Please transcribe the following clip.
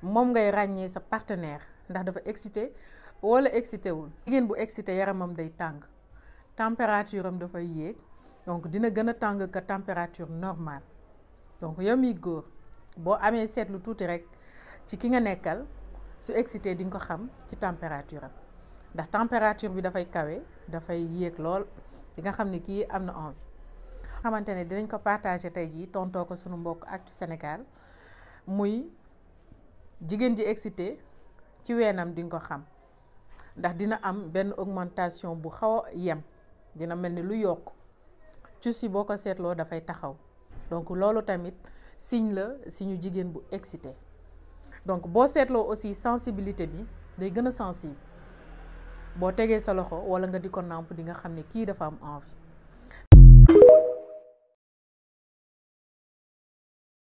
mom ngay ragné sa partenaire ndax dafa excité wala excité wul jigéen bu excité yaramam day tàng température am dafay yéeg donc dina gën a tàng que température normale donc yow miy góor boo amee seetlu tuuti rek ci ki nga nekkal su excité di nga ko xam ci température am ndax température bi dafay kawe dafay yéeg lool di nga xam ne kii am na envie xamante ne dinañ ko partager tey jii tontoo ko sunu mbokk Actu Sénégal muy jigéen ji excité ci weenam di nga ko xam ndax dina am benn augmentation bu xaw a yem dina mel ni lu yokk ci si boo ko seetloo dafay taxaw donc loolu tamit signe la signe jigéen bu excité donc boo seetloo aussi sensibilité bi day gën a sensible boo tegee sa loxo walla nga di ko nàmp di nga xam ne kii dafa am envi